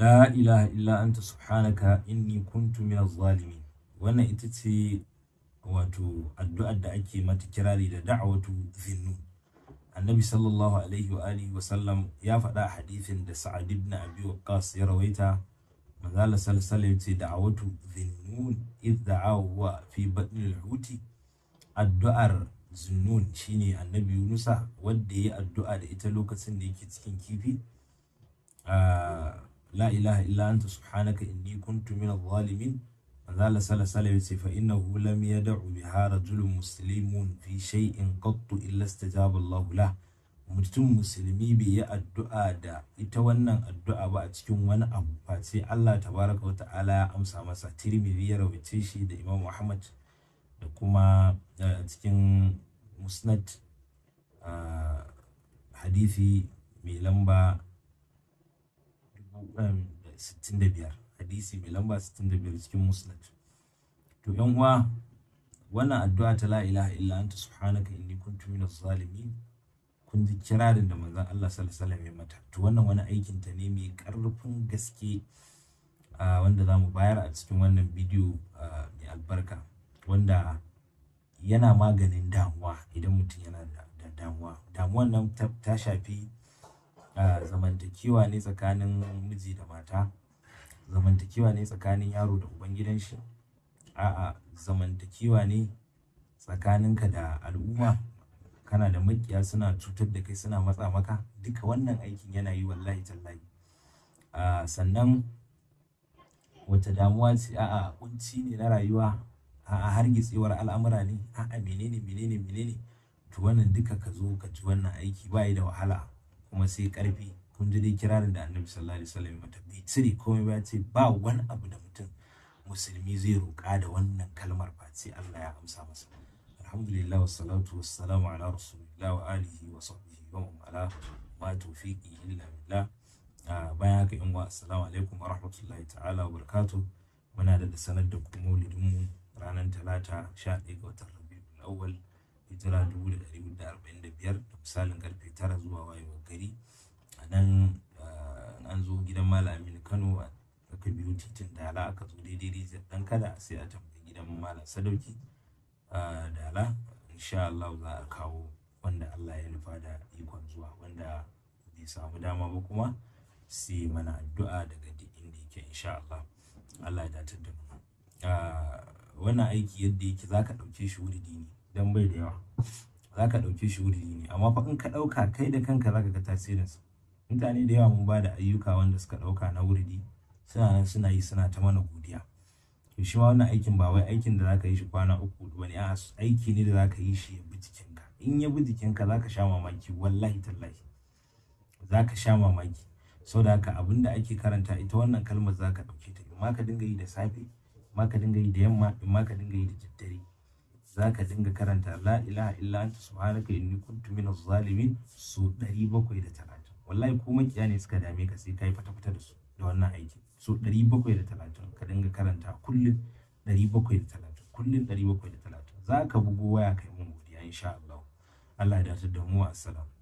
la ilaha illa anta subhanaka inni kuntu minaz zalimin wannan ita ce wato addu'ar da ake mata kirari da da'awatu zinnun annabi sallallahu alaihi wa alihi wa sallam ya faɗa hadithin da sa'ad ibn abi waqqas ya rawaita manzala salsala ya ce da'awatu zinnun id da'awa fi batnil huti addu'ar zinnun shine annabi yunusa wanda ya addu'a da ita lokacin da yake cikin kifi ah, la ilaha illa anta subhanaka inni kuntu min adh-dhalimin manzo Allah ya alaihi wasallam fa innahu lam yad'u biha rajulun muslimun fi shay'in qattu illa istajaba Allah lah mutum musulmi bai yi addu'a da ita wannan addu'a ba a cikin wani abu sai Allah tabaraka wa ta'ala ya amsa masa tirmidhi ya rawace shi da Imam muhammad da kuma a eh, cikin musnad ah, hadisi mai lamba 65 um, hadisi mai lamba 65 cikin musnad to yan uwa wannan addu'a ta la ilaha illa anta subhanaka inni kuntu minaz zalimin kun ji kirarin da manzon Allah sallallahu alaihi wasallam mata to wannan wani aikin ta ne mai karfin gaske wanda zamu bayar a cikin wannan bidiyo mai albarka wanda yana maganin damuwa idan mutum yana da damuwa damuwan nan ta shafi zamantakewa ne tsakanin miji da mata zamantakewa ne tsakanin yaro da ubangidan shi a'a zamantakewa ne tsakaninka da al'umma kana da makiya suna cutar da kai suna matsa maka duka wannan aikin yana yi wallahi tallahi sannan wata damuwa ce a'a kunci ne na rayuwa a'a gitsewar al'amura ne a'a menene menene menene to wannan duka ka zo ka ji wannan aiki ba da wahala kuma sai karfi kun ji dai kirarin da annabi sallallahu alaihi wasallam mata bai cire komai ba ce ba wani abu da mutum musulmi zai roƙa da wannan kalmar ba sai Allah ya amsa masa alhamdulillah wassalatu wassalamu ala rasulillah wa alihi wa sahbihi wa man ala ma tawfiqi illa billah ah, bayan haka yan wa assalamu alaikum wa rahmatullahi ta'ala wa barakatuh muna da sanar da ku maulidin ranar talata 11 ga watan rabiul awwal hijira dubu da da da arba'in biyar, misalin karfe tara zuwa wayewar gari a nan an zo gidan malamin kano a aka biyo titin dala aka zo daidai rijiyar dan kada sai a tambayi gidan malam sadauki dala insha Allah za a kawo wanda Allah ya nufa da ikon zuwa wanda zai samu dama ba kuma sai mana addu'a daga duk inda yake insha Allah Allah ya datar da mu wannan aiki yadda yake za ka ɗauke shi wuri dini. dan bai da yawa za ka ɗauke shi wuri ne amma fa in ka ɗauka kai da kanka za ka ga tasirinsa mutane da yawa mun ba da ayyuka wanda suka ɗauka na ne suna nan suna yi suna ta mana godiya to shi ma wannan aikin ba wai aikin da za ka yi shi kwana uku ba ne a aiki ne da za ka yi shi ya bi jikinka in ya bi jikinka za ka sha mamaki wallahi tallahi za ka sha mamaki sau da haka abin da ake karanta ita wannan kalmar za ka ɗauke ta in ma ka dinga yi da safe in ma ka dinga yi da yamma in ma ka dinga yi da daddare zaka dinga karanta la ilaha illa anta subhanaka inni kuntu minaz zalimin su 730 wallahi ko makiya ne suka dame ka sai kai fata fata da su da wannan aiki su 730 ka dinga karanta kullun 730 kullun 730 zaka bugo waya kai mun godiya insha Allah Allah ya dace da mu assalamu